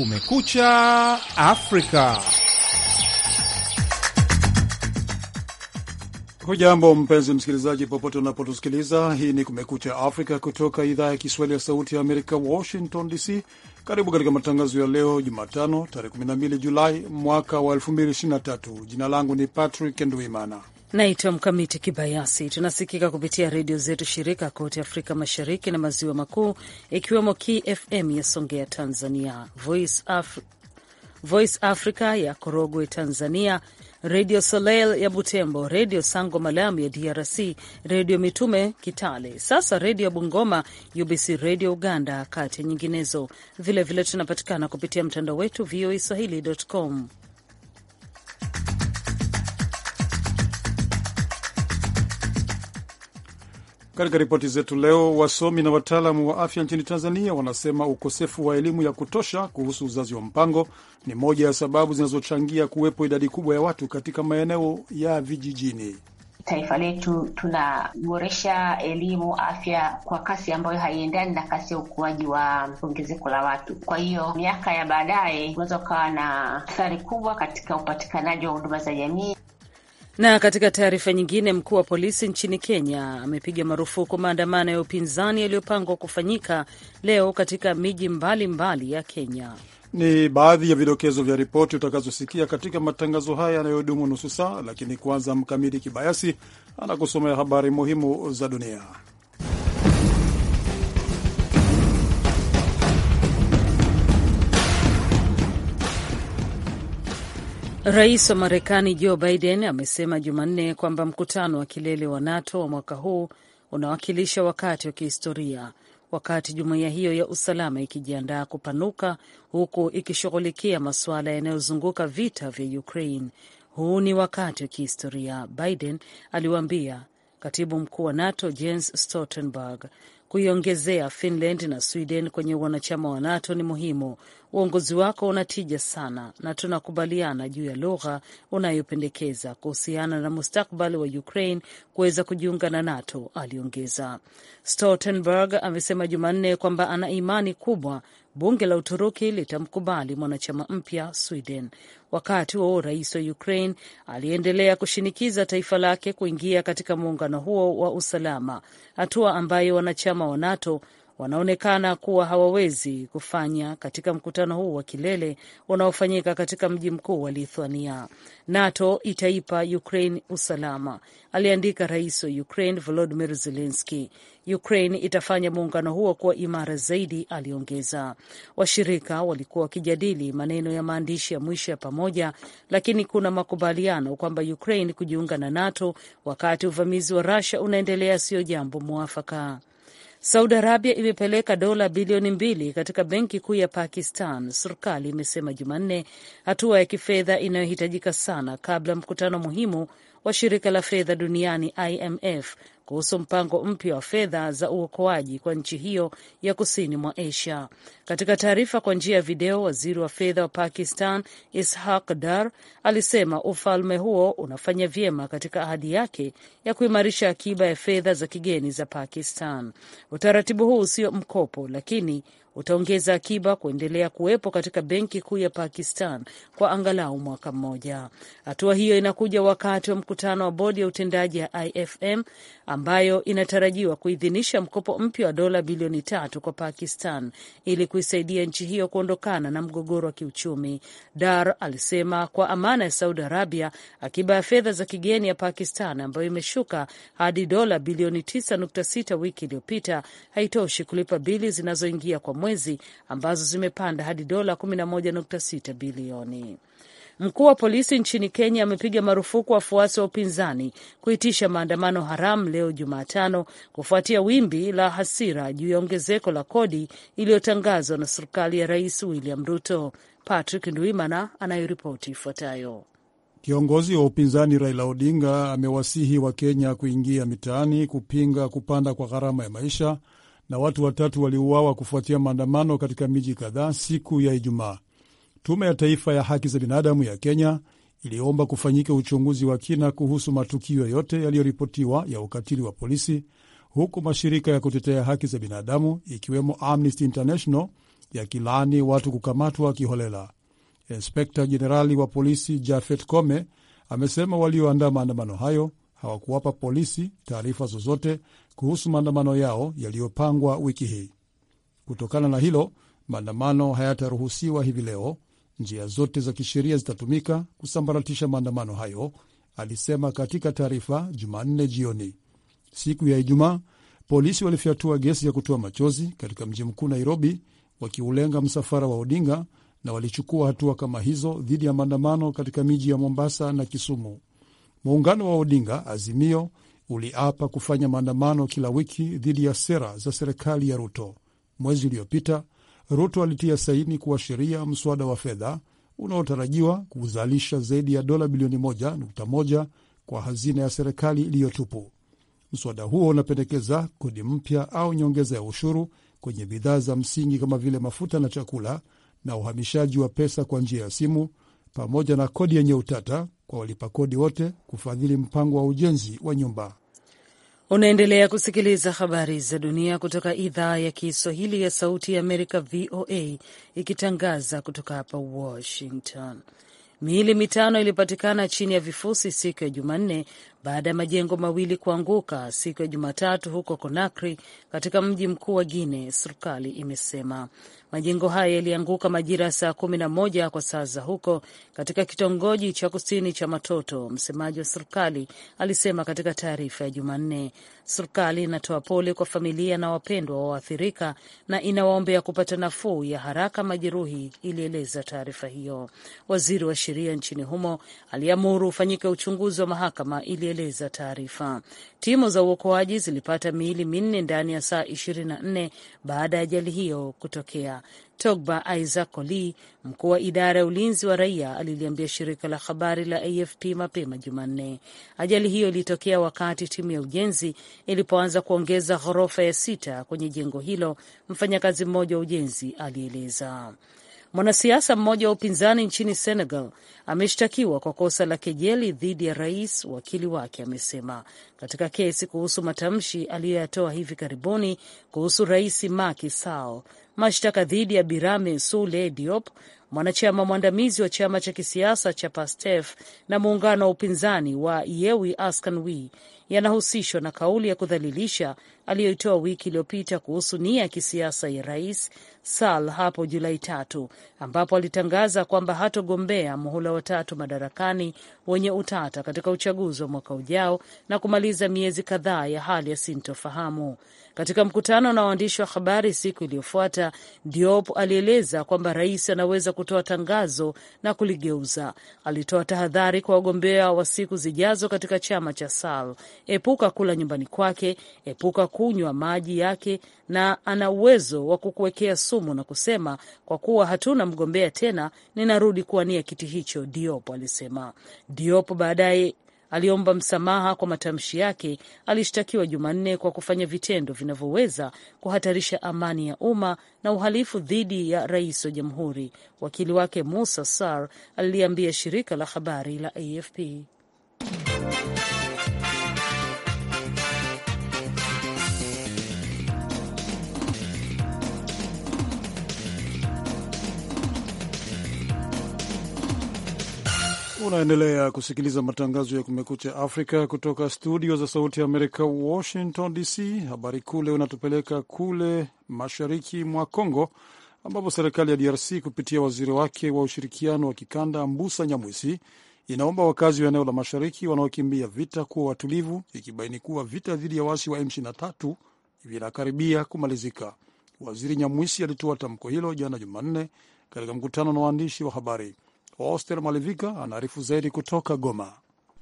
Kumekucha Afrika. Hujambo mpenzi msikilizaji, popote unapotusikiliza. Hii ni Kumekucha Afrika kutoka idhaa ya Kiswahili ya Sauti ya Amerika, Washington DC. Karibu katika matangazo ya leo Jumatano, tarehe 12 Julai mwaka wa 2023. Jina langu ni Patrick Nduimana Naitwa Mkamiti Kibayasi. Tunasikika kupitia redio zetu shirika kote Afrika Mashariki na Maziwa Makuu, ikiwemo KFM ya Songea Tanzania, Voice, Af Voice Africa ya Korogwe Tanzania, Redio Soleil ya Butembo, Redio Sango Malamu ya DRC, Redio Mitume Kitale, sasa Redio Bungoma, UBC Redio Uganda, kati ya nyinginezo. Vilevile tunapatikana kupitia mtandao wetu VOA swahili.com. Katika ripoti zetu leo, wasomi na wataalamu wa afya nchini Tanzania wanasema ukosefu wa elimu ya kutosha kuhusu uzazi wa mpango ni moja ya sababu zinazochangia kuwepo idadi kubwa ya watu katika maeneo ya vijijini. Taifa letu tunaboresha elimu afya kwa kasi ambayo haiendani na kasi ya ukuaji wa ongezeko la watu. Kwa hiyo miaka ya baadaye unaweza ukawa na athari kubwa katika upatikanaji wa huduma za jamii. Na katika taarifa nyingine, mkuu wa polisi nchini Kenya amepiga marufuku maandamano ya upinzani yaliyopangwa kufanyika leo katika miji mbalimbali ya Kenya. Ni baadhi ya vidokezo vya ripoti utakazosikia katika matangazo haya yanayodumu nusu saa, lakini kwanza, Mkamidi Kibayasi anakusomea habari muhimu za dunia. Rais wa Marekani Joe Biden amesema Jumanne kwamba mkutano wa kilele wa NATO wa mwaka huu unawakilisha wakati wa kihistoria, wakati jumuiya hiyo ya usalama ikijiandaa kupanuka huku ikishughulikia masuala yanayozunguka vita vya Ukraine. Huu ni wakati wa kihistoria, Biden aliwaambia katibu mkuu wa NATO Jens Stoltenberg Kuiongezea Finland na Sweden kwenye wanachama wa NATO ni muhimu. Uongozi wako unatija sana, na tunakubaliana juu ya lugha unayopendekeza kuhusiana na mustakbali wa Ukraine kuweza kujiunga na NATO, aliongeza. Stoltenberg amesema Jumanne kwamba ana imani kubwa Bunge la Uturuki litamkubali mwanachama mpya Sweden. Wakati huo rais wa Ukraine aliendelea kushinikiza taifa lake kuingia katika muungano huo wa usalama, hatua ambayo wanachama wa NATO wanaonekana kuwa hawawezi kufanya katika mkutano huu wa kilele unaofanyika katika mji mkuu wa Lithuania. NATO itaipa Ukraine usalama, aliandika rais wa Ukraine Volodymyr Zelensky. Ukraine itafanya muungano huo kuwa imara zaidi, aliongeza. Washirika walikuwa wakijadili maneno ya maandishi ya mwisho ya pamoja, lakini kuna makubaliano kwamba Ukraine kujiunga na NATO wakati uvamizi wa Russia unaendelea sio jambo mwafaka. Saudi Arabia imepeleka dola bilioni mbili katika benki kuu ya Pakistan, serikali imesema Jumanne, hatua ya kifedha inayohitajika sana kabla mkutano muhimu wa shirika la fedha duniani IMF kuhusu mpango mpya wa fedha za uokoaji kwa nchi hiyo ya kusini mwa Asia. Katika taarifa kwa njia ya video, waziri wa fedha wa Pakistan Ishaq Dar alisema ufalme huo unafanya vyema katika ahadi yake ya kuimarisha akiba ya fedha za kigeni za Pakistan. Utaratibu huu sio mkopo, lakini utaongeza akiba kuendelea kuwepo katika benki kuu ya Pakistan kwa angalau mwaka mmoja. Hatua hiyo inakuja wakati wa mkutano wa bodi ya utendaji ya IFM ambayo inatarajiwa kuidhinisha mkopo mpya wa dola bilioni tatu kwa Pakistan ili kuisaidia nchi hiyo kuondokana na mgogoro wa kiuchumi. Dar alisema kwa amana ya Saudi Arabia, akiba ya fedha za kigeni ya Pakistan ambayo imeshuka hadi dola bilioni 9.6 wiki iliyopita haitoshi kulipa bili zinazoingia kwa mwe mwezi ambazo zimepanda hadi dola 11.6 bilioni. Mkuu wa polisi nchini Kenya amepiga marufuku wafuasi wa upinzani kuitisha maandamano haramu leo Jumatano kufuatia wimbi la hasira juu ya ongezeko la kodi iliyotangazwa na serikali ya Rais William Ruto. Patrick Ndwimana anayoripoti ifuatayo. Kiongozi wa upinzani Raila Odinga amewasihi Wakenya kuingia mitaani kupinga kupanda kwa gharama ya maisha na watu watatu waliuawa kufuatia maandamano katika miji kadhaa siku ya Ijumaa. Tume ya Taifa ya Haki za Binadamu ya Kenya iliomba kufanyika uchunguzi wa kina kuhusu matukio yote yaliyoripotiwa ya ukatili wa polisi, huku mashirika ya kutetea haki za binadamu ikiwemo Amnesty International yakilaani watu kukamatwa kiholela. Inspekta Jenerali wa polisi Jafet Kome amesema walioandaa maandamano hayo hawakuwapa polisi taarifa zozote kuhusu maandamano yao yaliyopangwa wiki hii. Kutokana na hilo, maandamano hayataruhusiwa hivi leo. Njia zote za kisheria zitatumika kusambaratisha maandamano hayo, alisema katika taarifa Jumanne jioni. Siku ya Ijumaa, polisi walifyatua gesi ya kutoa machozi katika mji mkuu Nairobi, wakiulenga msafara wa Odinga na walichukua hatua kama hizo dhidi ya maandamano katika miji ya Mombasa na Kisumu. Muungano wa Odinga Azimio uliapa kufanya maandamano kila wiki dhidi ya sera za serikali ya Ruto. Mwezi uliopita, Ruto alitia saini kuwa sheria mswada wa fedha unaotarajiwa kuzalisha zaidi ya dola bilioni 1.1 kwa hazina ya serikali iliyotupu. Mswada huo unapendekeza kodi mpya au nyongeza ya ushuru kwenye bidhaa za msingi kama vile mafuta na chakula na uhamishaji wa pesa kwa njia ya simu pamoja na kodi yenye utata kwa kodi wote kufadhili mpango wa ujenzi wa nyumba. Unaendelea kusikiliza habari za dunia kutoka idhaa ya Kiswahili ya Sauti ya Amerika, VOA, ikitangaza kutoka hapa Washington. Miili mitano ilipatikana chini ya vifusi siku ya Jumanne baada ya majengo mawili kuanguka siku ya Jumatatu huko Conakry, katika mji mkuu wa Guine. serikali imesema. Majengo hayo yalianguka majira ya saa kumi na moja kwa saa za huko katika kitongoji cha kusini cha Matoto, msemaji wa serikali alisema katika taarifa ya Jumanne. Serikali inatoa pole kwa familia na wapendwa wa waathirika na inawaombea kupata nafuu ya haraka majeruhi, ilieleza taarifa hiyo. Waziri wa sheria nchini humo aliamuru ufanyike uchunguzi wa mahakama ili ilieleza taarifa. Timu za uokoaji zilipata miili minne ndani ya saa 24 baada ya ajali hiyo kutokea. Togba Isaac Oli, mkuu wa idara ya ulinzi wa raia, aliliambia shirika la habari la AFP mapema Jumanne ajali hiyo ilitokea wakati timu ya ujenzi ilipoanza kuongeza ghorofa ya sita kwenye jengo hilo, mfanyakazi mmoja wa ujenzi alieleza. Mwanasiasa mmoja wa upinzani nchini Senegal ameshtakiwa kwa kosa la kejeli dhidi ya rais, wakili wake amesema katika kesi kuhusu matamshi aliyoyatoa hivi karibuni kuhusu rais Macky Sall. Mashtaka dhidi ya Birame Sule Diop, mwanachama mwandamizi wa chama cha kisiasa cha Pastef na muungano wa upinzani wa Yewi Askanwi, yanahusishwa na kauli ya kudhalilisha aliyoitoa wiki iliyopita kuhusu nia ya kisiasa ya rais sal hapo Julai tatu, ambapo alitangaza kwamba hatogombea muhula watatu madarakani wenye utata katika uchaguzi wa mwaka ujao na kumaliza miezi kadhaa ya hali ya sintofahamu. Katika mkutano na waandishi wa habari siku iliyofuata, Diop alieleza kwamba rais anaweza kutoa tangazo na kuligeuza. Alitoa tahadhari kwa wagombea wa siku zijazo katika chama cha Sal: epuka kula nyumbani kwake, epuka kunywa maji yake na ana uwezo wa kukuwekea sumu na kusema, kwa kuwa hatuna mgombea tena, ninarudi kuwania kiti hicho, Diop alisema. Diop baadaye aliomba msamaha kwa matamshi yake. Alishtakiwa Jumanne kwa kufanya vitendo vinavyoweza kuhatarisha amani ya umma na uhalifu dhidi ya rais wa jamhuri. Wakili wake Musa Sar aliliambia shirika la habari la AFP. Unaendelea kusikiliza matangazo ya Kumekucha Afrika kutoka studio za Sauti ya Amerika, Washington DC. Habari kuu leo inatupeleka kule mashariki mwa Congo, ambapo serikali ya DRC kupitia waziri wake wa ushirikiano wa kikanda Mbusa Nyamwisi inaomba wakazi wa eneo la mashariki wanaokimbia vita kuwa watulivu, ikibaini kuwa vita dhidi ya waasi wa M23 vinakaribia kumalizika. Waziri Nyamwisi alitoa tamko hilo jana Jumanne katika mkutano na waandishi wa habari. Oster Malivika anaarifu zaidi kutoka Goma.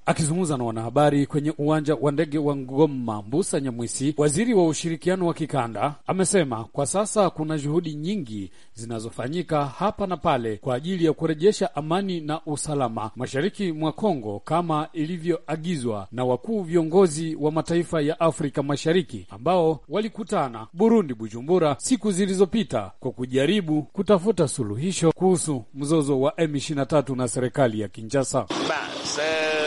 Akizungumza na wanahabari kwenye uwanja wa ndege wa Ngoma, Mbusa Nyamwisi, waziri wa ushirikiano wa kikanda, amesema kwa sasa kuna juhudi nyingi zinazofanyika hapa na pale kwa ajili ya kurejesha amani na usalama mashariki mwa Kongo kama ilivyoagizwa na wakuu viongozi wa mataifa ya Afrika Mashariki ambao walikutana Burundi, Bujumbura, siku zilizopita kwa kujaribu kutafuta suluhisho kuhusu mzozo wa M23 na serikali ya Kinshasa.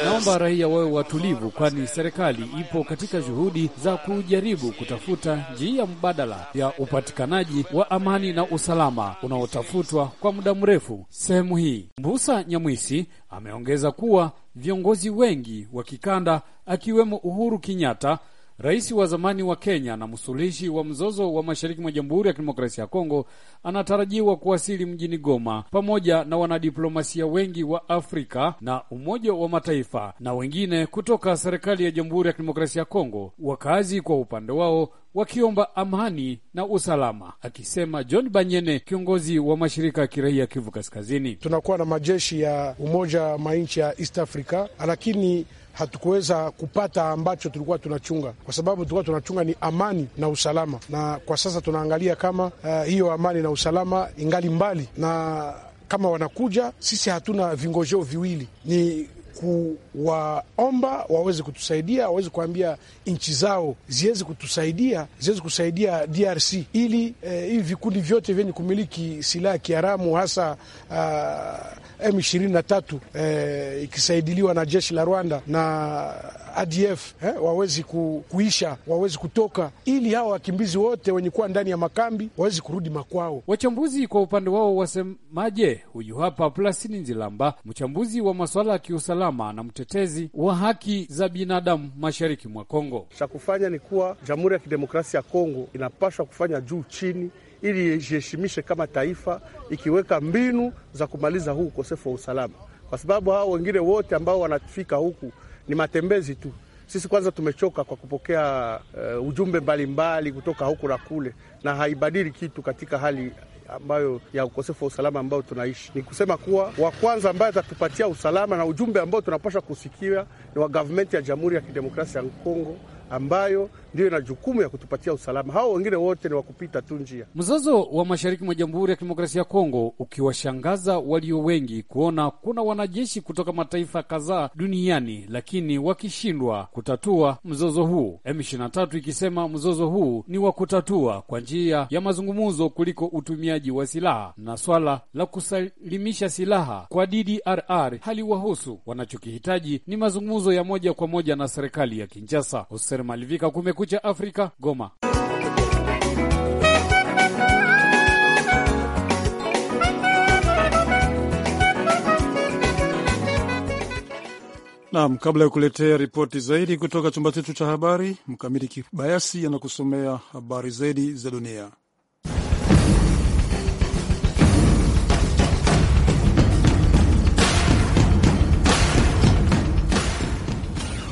Naomba raia wawe watulivu, kwani serikali ipo katika juhudi za kujaribu kutafuta njia mbadala ya upatikanaji wa amani na usalama unaotafutwa kwa muda mrefu sehemu hii. Mbusa Nyamwisi ameongeza kuwa viongozi wengi wa kikanda akiwemo Uhuru Kenyatta Rais wa zamani wa Kenya na msuluhishi wa mzozo wa mashariki mwa Jamhuri ya Kidemokrasia ya Kongo anatarajiwa kuwasili mjini Goma pamoja na wanadiplomasia wengi wa Afrika na Umoja wa Mataifa na wengine kutoka serikali ya Jamhuri ya Kidemokrasia ya Kongo, wakazi kwa upande wao wakiomba amani na usalama, akisema John Banyene, kiongozi wa mashirika ya kiraia Kivu Kaskazini. Tunakuwa na majeshi ya umoja manchi ya East Africa, lakini hatukuweza kupata ambacho tulikuwa tunachunga, kwa sababu tulikuwa tunachunga ni amani na usalama, na kwa sasa tunaangalia kama uh, hiyo amani na usalama ingali mbali, na kama wanakuja, sisi hatuna vingojeo viwili ni kuwaomba waweze kutusaidia, waweze kuambia nchi zao ziweze kutusaidia, ziweze kusaidia DRC ili eh, hivi eh, vikundi vyote vyenye kumiliki silaha ya kiharamu hasa uh, M23 eh, ikisaidiliwa na jeshi la Rwanda na ADF eh, wawezi ku, kuisha wawezi kutoka, ili hawa wakimbizi wote wenye kuwa ndani ya makambi wawezi kurudi makwao. Wachambuzi kwa upande wao wasemaje? Huyu hapa Plasini Nzilamba, mchambuzi wa masuala ya kiusalama na mtetezi wa haki za binadamu mashariki mwa Kongo. Cha kufanya ni kuwa Jamhuri ya Kidemokrasia ya Kongo inapaswa kufanya juu chini ili ijiheshimishe kama taifa, ikiweka mbinu za kumaliza huu ukosefu wa usalama, kwa sababu hao wengine wote ambao wanafika huku ni matembezi tu. Sisi kwanza tumechoka kwa kupokea uh, ujumbe mbalimbali mbali kutoka huku na kule, na haibadili kitu katika hali ambayo ya ukosefu wa usalama ambao tunaishi. Ni kusema kuwa wa kwanza ambaye atatupatia usalama na ujumbe ambao tunapasha kusikia ni wa gavumenti ya Jamhuri ya Kidemokrasia ya Kongo ambayo ndiyo ina jukumu ya kutupatia usalama. Hao wengine wote ni wakupita tu njia. Mzozo wa mashariki mwa Jamhuri ya Kidemokrasia ya Kongo ukiwashangaza walio wengi kuona kuna wanajeshi kutoka mataifa kadhaa duniani, lakini wakishindwa kutatua mzozo huu, M23 ikisema mzozo huu ni wa kutatua kwa njia ya mazungumzo kuliko utumiaji wa silaha, na swala la kusalimisha silaha kwa DDRR haliwahusu. Wanachokihitaji ni mazungumzo ya moja kwa moja na serikali ya Kinshasa. Oser Malivika, Kumekucha Afrika, Goma. Naam, kabla ya kuletea ripoti zaidi kutoka chumba chetu cha habari, Mkamiti Kibayasi anakusomea habari zaidi za dunia.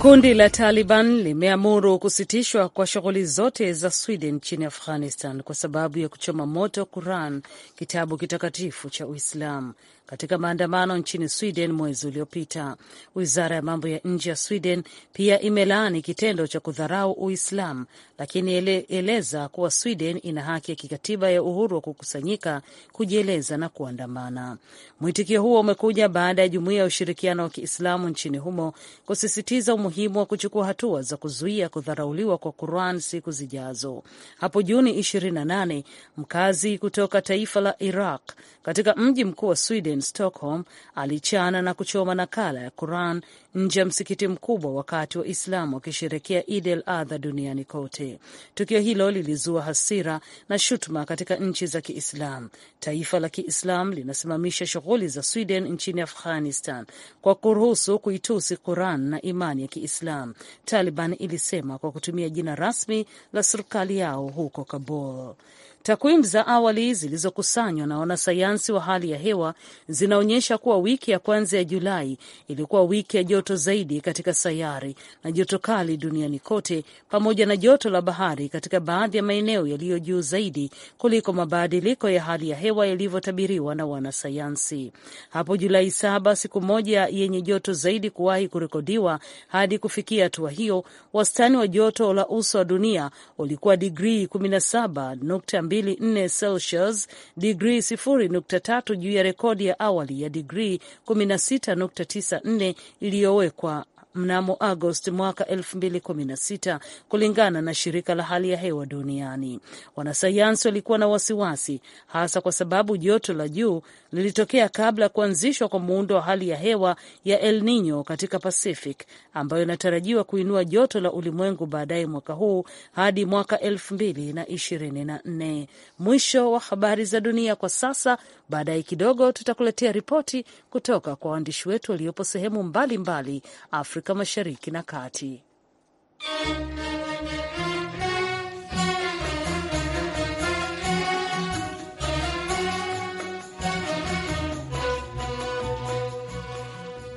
Kundi la Taliban limeamuru kusitishwa kwa shughuli zote za Sweden nchini Afghanistan kwa sababu ya kuchoma moto Quran, kitabu kitakatifu cha Uislamu katika maandamano nchini Sweden mwezi uliopita. Wizara ya mambo ya nje ya Sweden pia imelaani kitendo cha kudharau Uislamu, lakini ele, eleza kuwa Sweden ina haki ya kikatiba ya uhuru wa kukusanyika, kujieleza na kuandamana. Mwitikio huo umekuja baada ya jumuiya ya ushirikiano wa Kiislamu nchini humo kusisitiza umuhimu wa kuchukua hatua za kuzuia kudharauliwa kwa Quran siku zijazo. Hapo Juni 28 mkazi kutoka taifa la Iraq katika mji mkuu wa Sweden mjini Stockholm alichana na kuchoma nakala ya Quran nje ya msikiti mkubwa wakati wa Islamu wakisherekea Id el Adha duniani kote. Tukio hilo lilizua hasira na shutuma katika nchi za Kiislam. Taifa la Kiislam linasimamisha shughuli za Sweden nchini Afghanistan kwa kuruhusu kuitusi Quran na imani ya Kiislam, Taliban ilisema kwa kutumia jina rasmi la serikali yao huko Kabul. Takwimu za awali zilizokusanywa na wanasayansi wa hali ya hewa zinaonyesha kuwa wiki ya kwanza ya Julai ilikuwa wiki ya joto zaidi katika sayari na joto kali duniani kote, pamoja na joto la bahari katika baadhi ya maeneo yaliyo juu zaidi kuliko mabadiliko ya hali ya hewa yalivyotabiriwa na wanasayansi. Hapo Julai saba, siku moja yenye joto zaidi kuwahi kurekodiwa. Hadi kufikia hatua hiyo, wastani wa joto la uso wa dunia ulikuwa digrii 17 24 Celsius, digrii 0.3 juu ya rekodi ya awali ya digrii 16.94 iliyowekwa mnamo Agosti mwaka 2016 kulingana na shirika la hali ya hewa duniani. Wanasayansi walikuwa na wasiwasi hasa kwa sababu joto la juu lilitokea kabla ya kuanzishwa kwa muundo wa hali ya hewa ya El Nino katika Pacific ambayo inatarajiwa kuinua joto la ulimwengu baadaye mwaka huu hadi mwaka 2024. Mwisho wa habari za dunia kwa sasa. Baadaye kidogo tutakuletea ripoti kutoka kwa waandishi wetu waliopo sehemu mbalimbali mbali Afrika Mashariki na Kati.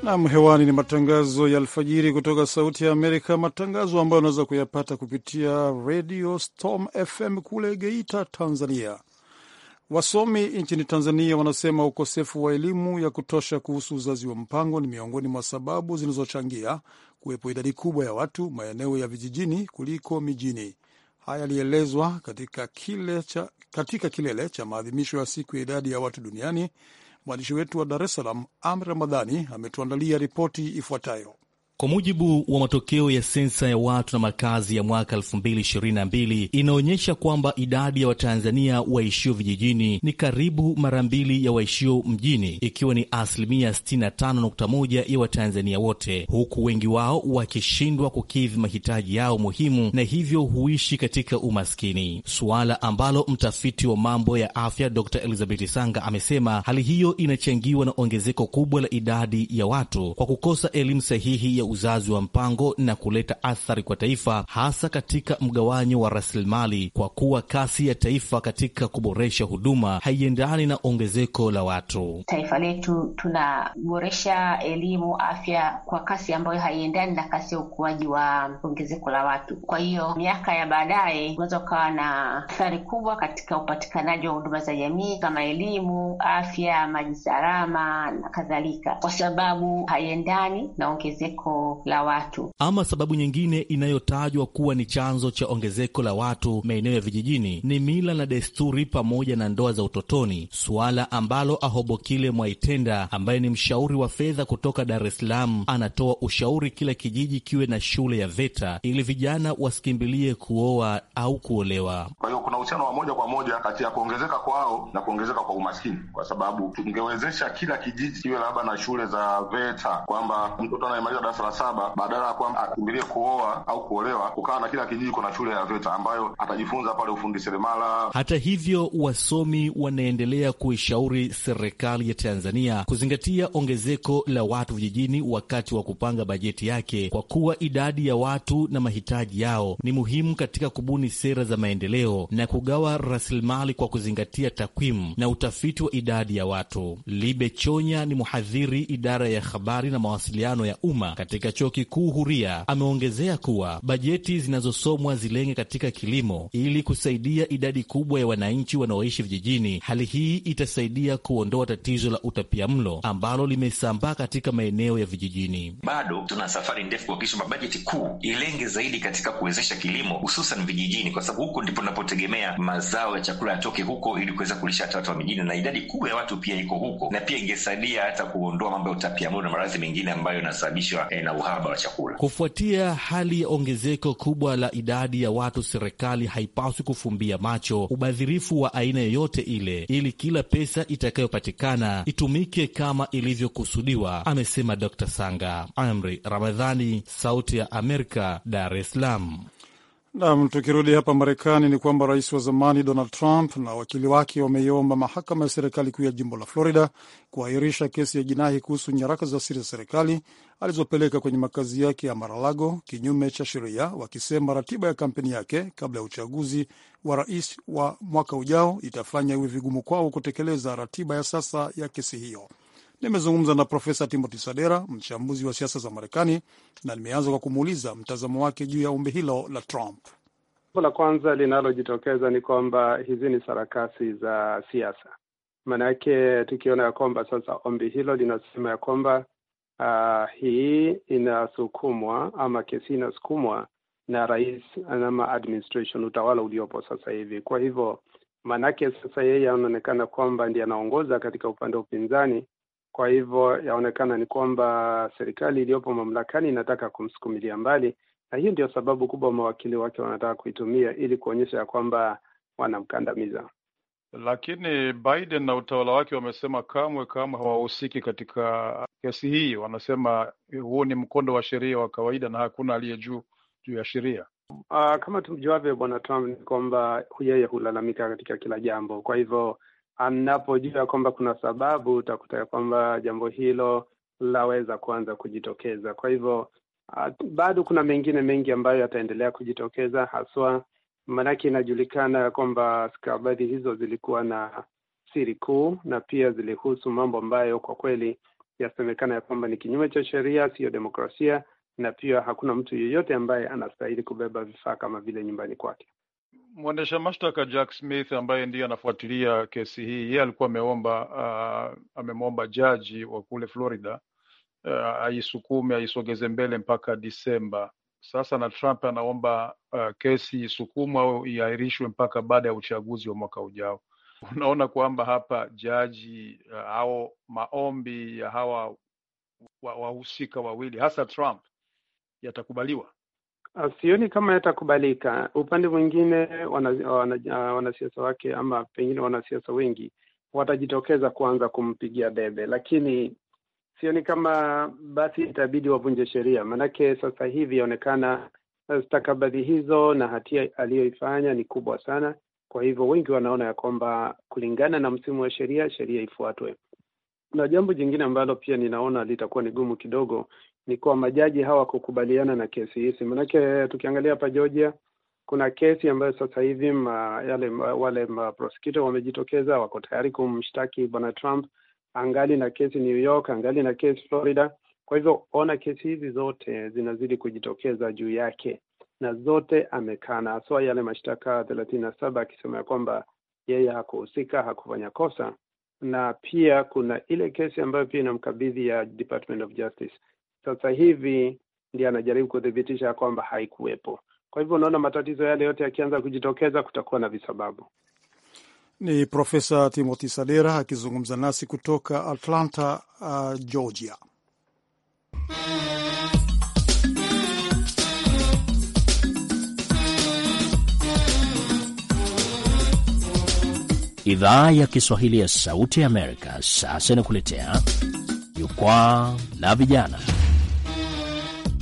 Nam, hewani ni matangazo ya alfajiri kutoka Sauti ya Amerika, matangazo ambayo unaweza kuyapata kupitia redio Storm FM kule Geita, Tanzania, Wasomi nchini Tanzania wanasema ukosefu wa elimu ya kutosha kuhusu uzazi wa mpango ni miongoni mwa sababu zinazochangia kuwepo idadi kubwa ya watu maeneo ya vijijini kuliko mijini. Haya yalielezwa katika, katika kilele cha maadhimisho ya siku ya idadi ya watu duniani. Mwandishi wetu wa Dar es Salaam, Amri Ramadhani, ametuandalia ripoti ifuatayo. Kwa mujibu wa matokeo ya sensa ya watu na makazi ya mwaka 2022 inaonyesha kwamba idadi ya Watanzania waishio vijijini ni karibu mara mbili ya waishio mjini, ikiwa ni asilimia 65.1 ya Watanzania wote, huku wengi wao wakishindwa kukidhi mahitaji yao muhimu na hivyo huishi katika umaskini, suala ambalo mtafiti wa mambo ya afya Dr. Elizabeth Sanga amesema hali hiyo inachangiwa na ongezeko kubwa la idadi ya watu kwa kukosa elimu sahihi ya uzazi wa mpango na kuleta athari kwa taifa, hasa katika mgawanyo wa rasilimali, kwa kuwa kasi ya taifa katika kuboresha huduma haiendani na ongezeko la watu. Taifa letu tunaboresha elimu, afya kwa kasi ambayo haiendani na kasi ya ukuaji wa ongezeko la watu. Kwa hiyo miaka ya baadaye unaweza ukawa na athari kubwa katika upatikanaji wa huduma za jamii kama elimu, afya, maji salama na kadhalika, kwa sababu haiendani na ongezeko ongezeko la watu. Ama sababu nyingine inayotajwa kuwa ni chanzo cha ongezeko la watu maeneo ya vijijini ni mila na desturi pamoja na ndoa za utotoni, suala ambalo Ahobokile Mwaitenda ambaye ni mshauri wa fedha kutoka Dar es Salaam anatoa ushauri kila kijiji kiwe na shule ya VETA ili vijana wasikimbilie kuoa au kuolewa. Kwa hiyo kuna uhusiano wa moja kwa moja kati ya kuongezeka kwao na kuongezeka kwa umaskini, kwa sababu tungewezesha kila kijiji kiwe labda na shule za VETA kwamba mtoto anayemaliza darasa darasa la saba, badala ya kwamba akimbilie kuoa au kuolewa, kukawa na kila kijiji kuna shule ya VETA ambayo atajifunza pale ufundi seremala. Hata hivyo, wasomi wanaendelea kuishauri serikali ya Tanzania kuzingatia ongezeko la watu vijijini wakati wa kupanga bajeti yake, kwa kuwa idadi ya watu na mahitaji yao ni muhimu katika kubuni sera za maendeleo na kugawa rasilimali kwa kuzingatia takwimu na utafiti wa idadi ya watu. Libe Chonya ni mhadhiri idara ya habari na mawasiliano ya umma katika chuo kikuu huria ameongezea kuwa bajeti zinazosomwa zilenge katika kilimo ili kusaidia idadi kubwa ya wananchi wanaoishi vijijini. Hali hii itasaidia kuondoa tatizo la utapiamlo ambalo limesambaa katika maeneo ya vijijini. Bado tuna safari ndefu kuhakikisha kwamba bajeti kuu ilenge zaidi katika kuwezesha kilimo, hususan vijijini, kwa sababu huko ndipo tunapotegemea mazao ya chakula yatoke huko ili kuweza kulisha hata watu wa mijini, na idadi kubwa ya watu pia iko huko, na pia ingesaidia hata kuondoa mambo ya utapia mlo na maradhi mengine ambayo yanasababishwa eh, na uhaba wa chakula. Kufuatia hali ya ongezeko kubwa la idadi ya watu, serikali haipaswi kufumbia macho ubadhirifu wa aina yoyote ile, ili kila pesa itakayopatikana itumike kama ilivyokusudiwa, amesema Dr. Sanga. Amri Ramadhani, Sauti ya Amerika, Dar es Salaam. Nam, tukirudi hapa Marekani ni kwamba rais wa zamani Donald Trump na wakili wake wameiomba mahakama ya serikali kuu ya jimbo la Florida kuahirisha kesi ya jinai kuhusu nyaraka za siri za serikali alizopeleka kwenye makazi yake ya Maralago kinyume cha sheria, wakisema ratiba ya kampeni yake kabla ya uchaguzi wa rais wa mwaka ujao itafanya iwe vigumu kwao kutekeleza ratiba ya sasa ya kesi hiyo. Nimezungumza na Profesa Timothy Sadera, mchambuzi wa siasa za Marekani, na nimeanza kwa kumuuliza mtazamo wake juu ya ombi hilo la Trump. Jambo la kwanza linalojitokeza ni kwamba hizi ni sarakasi za siasa, maana yake tukiona ya kwamba sasa ombi hilo linasema ya kwamba uh, hii inasukumwa ama kesi inasukumwa na rais ama administration, utawala uliopo sasa hivi. Kwa hivyo maanake sasa yeye anaonekana kwamba ndiye anaongoza katika upande wa upinzani kwa hivyo yaonekana ni kwamba serikali iliyopo mamlakani inataka kumsukumilia mbali, na hiyo ndio sababu kubwa mawakili wake wanataka kuitumia ili kuonyesha ya kwamba wanamkandamiza. Lakini Biden na utawala wake wamesema kamwe kamwe hawahusiki katika kesi hii. Wanasema huu ni mkondo wa sheria wa kawaida na hakuna aliye juu juu ya sheria. Uh, kama tumjuavyo Bwana Trump ni kwamba yeye hulalamika katika kila jambo, kwa hivyo anapojua ya kwamba kuna sababu, utakuta ya kwamba jambo hilo laweza kuanza kujitokeza. Kwa hivyo ah, bado kuna mengine mengi ambayo yataendelea kujitokeza, haswa maanake inajulikana ya kwamba stakabadhi hizo zilikuwa na siri kuu na pia zilihusu mambo ambayo kwa kweli yasemekana ya kwamba ni kinyume cha sheria, siyo demokrasia, na pia hakuna mtu yeyote ambaye anastahili kubeba vifaa kama vile nyumbani kwake mwendesha mashtaka Jack Smith ambaye ndiye anafuatilia kesi hii, yeye alikuwa ameomba uh, amemwomba jaji wa kule Florida uh, aisukume aisogeze mbele mpaka Disemba. Sasa na Trump anaomba uh, kesi isukumwe au iahirishwe mpaka baada ya uchaguzi wa mwaka ujao. Unaona kwamba hapa jaji uh, au maombi ya hawa wahusika wa wawili hasa Trump yatakubaliwa? Ah, sioni kama yatakubalika. Upande mwingine, wanasiasa wana, wana, wana wake ama pengine wanasiasa wengi watajitokeza kuanza kumpigia debe, lakini sioni kama basi itabidi wavunje sheria, maanake sasa hivi yaonekana eh, stakabadhi hizo na hatia aliyoifanya ni kubwa sana. Kwa hivyo wengi wanaona ya kwamba kulingana na msimu wa sheria, sheria ifuatwe. Na jambo jingine ambalo pia ninaona litakuwa ni gumu kidogo ni kuwa majaji hawa kukubaliana na kesi hizi. Manake tukiangalia hapa Georgia kuna kesi ambayo sasa hivi ma, yale ma, wale ma prosecutor wamejitokeza, wako tayari kumshtaki bwana Trump, angali na kesi New York, angali na kesi Florida. Kwa hivyo ona, kesi hizi zote zinazidi kujitokeza juu yake na zote amekana, haswa yale mashtaka thelathini na saba akisema ya kwamba yeye hakuhusika, hakufanya kosa, na pia kuna ile kesi ambayo pia inamkabidhi ya Department of Justice sasa hivi ndiye anajaribu kuthibitisha ya kwamba haikuwepo. Kwa hivyo unaona, matatizo yale yote yakianza kujitokeza kutakuwa na visababu. Ni Profesa Timothy Sadera akizungumza nasi kutoka Atlanta, uh, Georgia. Idhaa ya Kiswahili ya Sauti ya Amerika sasa inakuletea Jukwaa la Vijana.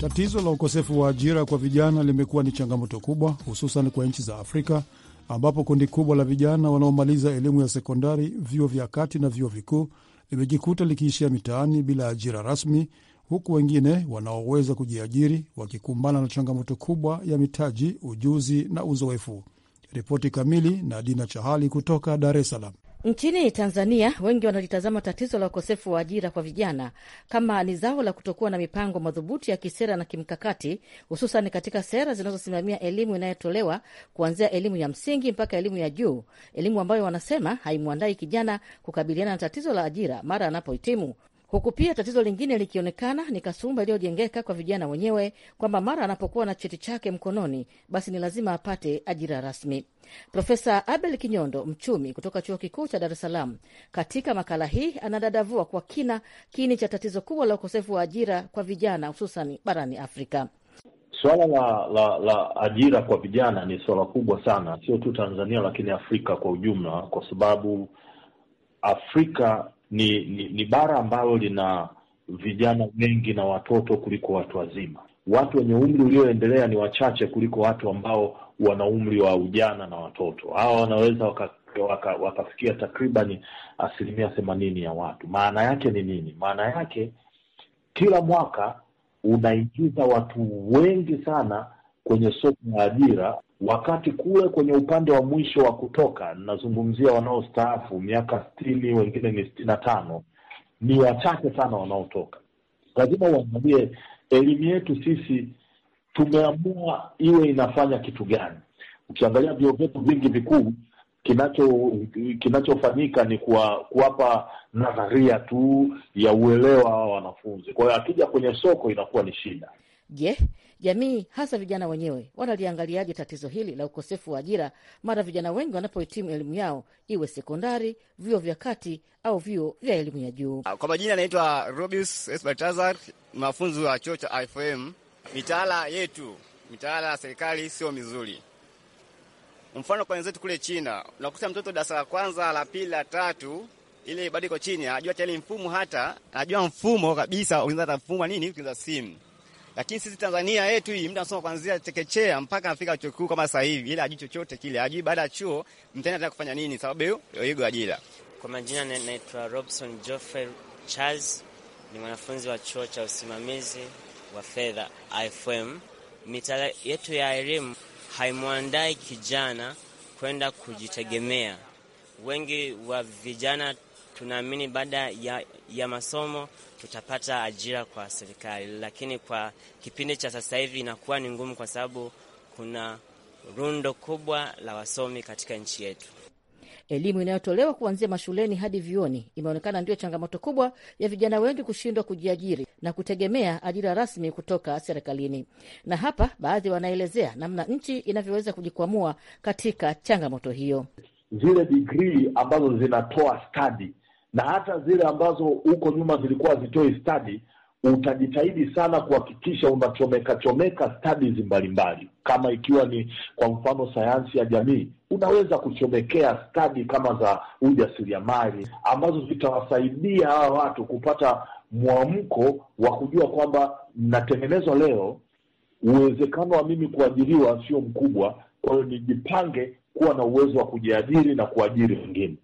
Tatizo la ukosefu wa ajira kwa vijana limekuwa ni changamoto kubwa, hususan kwa nchi za Afrika ambapo kundi kubwa la vijana wanaomaliza elimu ya sekondari, vyuo vya kati na vyuo vikuu limejikuta likiishia mitaani bila ajira rasmi, huku wengine wanaoweza kujiajiri wakikumbana na changamoto kubwa ya mitaji, ujuzi na uzoefu. Ripoti kamili na Dina Chahali kutoka Dar es Salaam. Nchini Tanzania, wengi wanalitazama tatizo la ukosefu wa ajira kwa vijana kama ni zao la kutokuwa na mipango madhubuti ya kisera na kimkakati, hususan katika sera zinazosimamia elimu inayotolewa kuanzia elimu ya msingi mpaka elimu ya juu, elimu ambayo wanasema haimwandai kijana kukabiliana na tatizo la ajira mara anapohitimu, huku pia tatizo lingine likionekana ni kasumba iliyojengeka kwa vijana wenyewe kwamba mara anapokuwa na cheti chake mkononi basi ni lazima apate ajira rasmi. Profesa Abel Kinyondo, mchumi kutoka Chuo Kikuu cha Dar es Salaam, katika makala hii anadadavua kwa kina kini cha tatizo kubwa la ukosefu wa ajira kwa vijana hususan barani Afrika. Suala la, la la ajira kwa vijana ni suala kubwa sana, sio tu Tanzania, lakini Afrika kwa ujumla, kwa sababu Afrika ni, ni, ni bara ambalo lina vijana wengi na watoto kuliko watu wazima. Watu wenye umri ulioendelea ni wachache kuliko watu ambao wana umri wa ujana na watoto. Hawa wanaweza waka waka wakafikia takribani asilimia themanini ya watu. Maana yake ni nini? Maana yake kila mwaka unaingiza watu wengi sana kwenye soko la ajira wakati kule kwenye upande wa mwisho wa kutoka, ninazungumzia wanaostaafu miaka sitini, wengine ni sitini na tano, ni wachache sana wanaotoka. Lazima uangalie elimu yetu sisi tumeamua iwe inafanya kitu gani. Ukiangalia vyuo vyetu vingi vikuu kinacho kinachofanyika ni kuwa, kuwapa nadharia tu ya uelewa wa wanafunzi. Kwa hiyo akija kwenye soko inakuwa ni shida. Je, jamii hasa vijana wenyewe wanaliangaliaje tatizo hili la ukosefu wa ajira mara vijana wengi wanapohitimu elimu yao, iwe sekondari, vyuo vya kati au vyuo vya elimu ya juu? Ah, kwa majina anaitwa Robius S. mafunzi wa chuo cha IFM. Mitaala yetu, mitaala ya serikali sio mizuri. Mfano kwa wenzetu kule China, unakuta mtoto darasa la kwanza, la pili, la tatu ile bado iko chini, anajua cha mfumo, hata anajua mfumo kabisa, ukianza hata mfumo nini, ukianza simu lakini sisi Tanzania yetu hii, mtu anasoma kuanzia chekechea mpaka afika chuo kikuu kama sasa hivi, ila ajui chochote kile, ajui baada ya chuo mtaenda tena kufanya nini, sababu hiyo hiyo ajira. Kwa majina naitwa Robson Joffrey Charles, ni mwanafunzi wa chuo cha usimamizi wa fedha IFM. Mitaala yetu ya elimu haimwandai kijana kwenda kujitegemea. Wengi wa vijana tunaamini baada ya, ya masomo tutapata ajira kwa serikali, lakini kwa kipindi cha sasa hivi inakuwa ni ngumu, kwa sababu kuna rundo kubwa la wasomi katika nchi yetu. Elimu inayotolewa kuanzia mashuleni hadi vyuoni imeonekana ndiyo changamoto kubwa ya vijana wengi kushindwa kujiajiri na kutegemea ajira rasmi kutoka serikalini. Na hapa baadhi wanaelezea namna nchi inavyoweza kujikwamua katika changamoto hiyo. Zile digrii ambazo zinatoa stadi na hata zile ambazo huko nyuma zilikuwa zitoi stadi, utajitahidi sana kuhakikisha unachomeka chomeka studies mbalimbali, kama ikiwa ni kwa mfano sayansi ya jamii, unaweza kuchomekea stadi kama za ujasiriamali ambazo zitawasaidia hawa watu kupata mwamko wa kujua kwamba natengenezwa leo, uwezekano wa mimi kuajiriwa sio mkubwa, kwa hiyo nijipange kuwa na uwezo wa kujiajiri na kuajiri wengine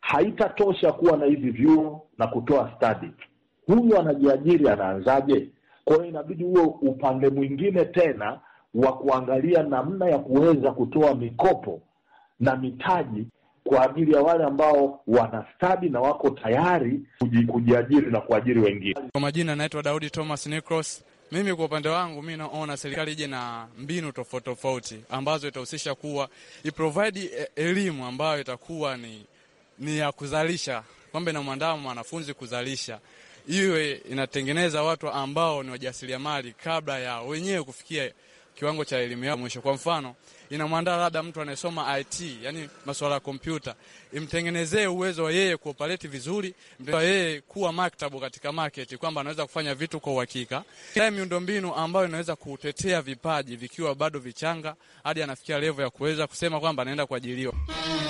haitatosha kuwa na hivi vyuo na kutoa stadi. Huyu anajiajiri anaanzaje? Kwa hiyo inabidi huo upande mwingine tena wa kuangalia namna ya kuweza kutoa mikopo na mitaji kwa ajili ya wale ambao wana stadi na wako tayari kuji, kujiajiri na kuajiri wengine. Kwa majina naitwa Daudi Thomas Nicros. Mimi kwa upande wangu mi naona serikali ije na mbinu tofauti tofauti ambazo itahusisha kuwa iprovide eh, elimu ambayo itakuwa ni ni ya kuzalisha, kwamba inamwandaa mwanafunzi kuzalisha, iwe inatengeneza watu ambao ni wajasiriamali kabla ya wenyewe kufikia kiwango cha elimu yao mwisho. Kwa mfano, inamwandaa labda mtu anayesoma IT, yani masuala ya kompyuta, imtengenezee uwezo wa yeye kuoperate vizuri, wa yeye kuwa maktabu katika market, kwamba anaweza kufanya vitu kwa uhakika. Miundombinu ambayo inaweza kutetea vipaji vikiwa bado vichanga, hadi anafikia levo ya kuweza kusema kwamba anaenda kuajiriwa. kwa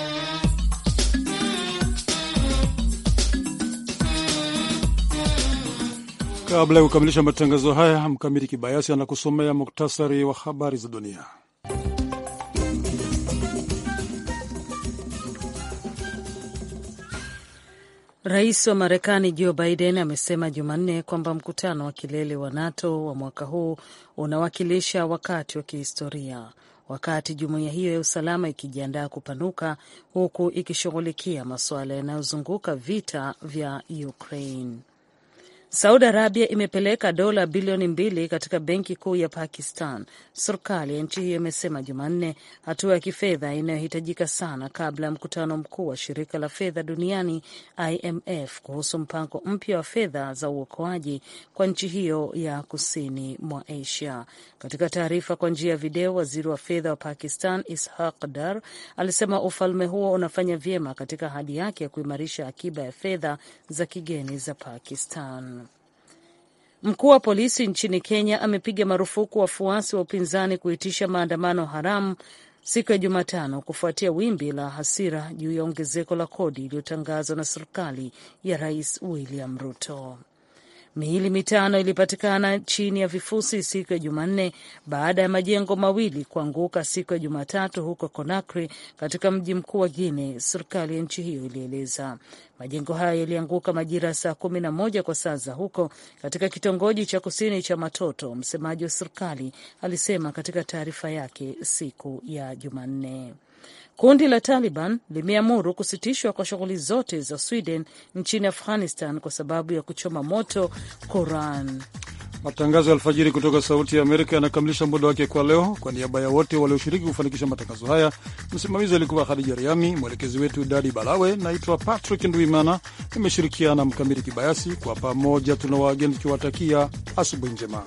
Kabla ya kukamilisha matangazo haya, Mkamiti Kibayasi anakusomea muktasari wa habari za dunia. Rais wa Marekani Joe Biden amesema Jumanne kwamba mkutano wa kilele wa NATO wa mwaka huu unawakilisha wakati wa kihistoria, wakati jumuiya hiyo ya usalama ikijiandaa kupanuka huku ikishughulikia masuala yanayozunguka vita vya Ukraine. Saudi Arabia imepeleka dola bilioni mbili katika benki kuu ya Pakistan, serikali ya nchi hiyo imesema Jumanne, hatua ya kifedha inayohitajika sana kabla ya mkutano mkuu wa shirika la fedha duniani IMF kuhusu mpango mpya wa fedha za uokoaji kwa nchi hiyo ya kusini mwa Asia. Katika taarifa kwa njia ya video, waziri wa fedha wa Pakistan Ishaq Dar alisema ufalme huo unafanya vyema katika ahadi yake ya kuimarisha akiba ya fedha za kigeni za Pakistan. Mkuu wa polisi nchini Kenya amepiga marufuku wafuasi wa upinzani kuitisha maandamano haramu siku ya Jumatano kufuatia wimbi la hasira juu ya ongezeko la kodi iliyotangazwa na serikali ya Rais William Ruto. Miili mitano ilipatikana chini ya vifusi siku ya Jumanne baada ya majengo mawili kuanguka siku ya Jumatatu huko Conakry, katika mji mkuu wa guine serikali ya nchi hiyo ilieleza. Majengo hayo yalianguka majira ya saa kumi na moja kwa saa za huko katika kitongoji cha kusini cha Matoto, msemaji wa serikali alisema katika taarifa yake siku ya Jumanne. Kundi la Taliban limeamuru kusitishwa kwa shughuli zote za Sweden nchini Afghanistan kwa sababu ya kuchoma moto Quran. Matangazo ya alfajiri kutoka Sauti ya Amerika yanakamilisha muda wake kwa leo. Kwa niaba ya wote walioshiriki kufanikisha matangazo haya, msimamizi alikuwa Khadija Riami, mwelekezi wetu Dadi Balawe. Naitwa Patrick Ndwimana, nimeshirikiana mkamiri Kibayasi. Kwa pamoja tuna wageni tukiwatakia asubuhi njema.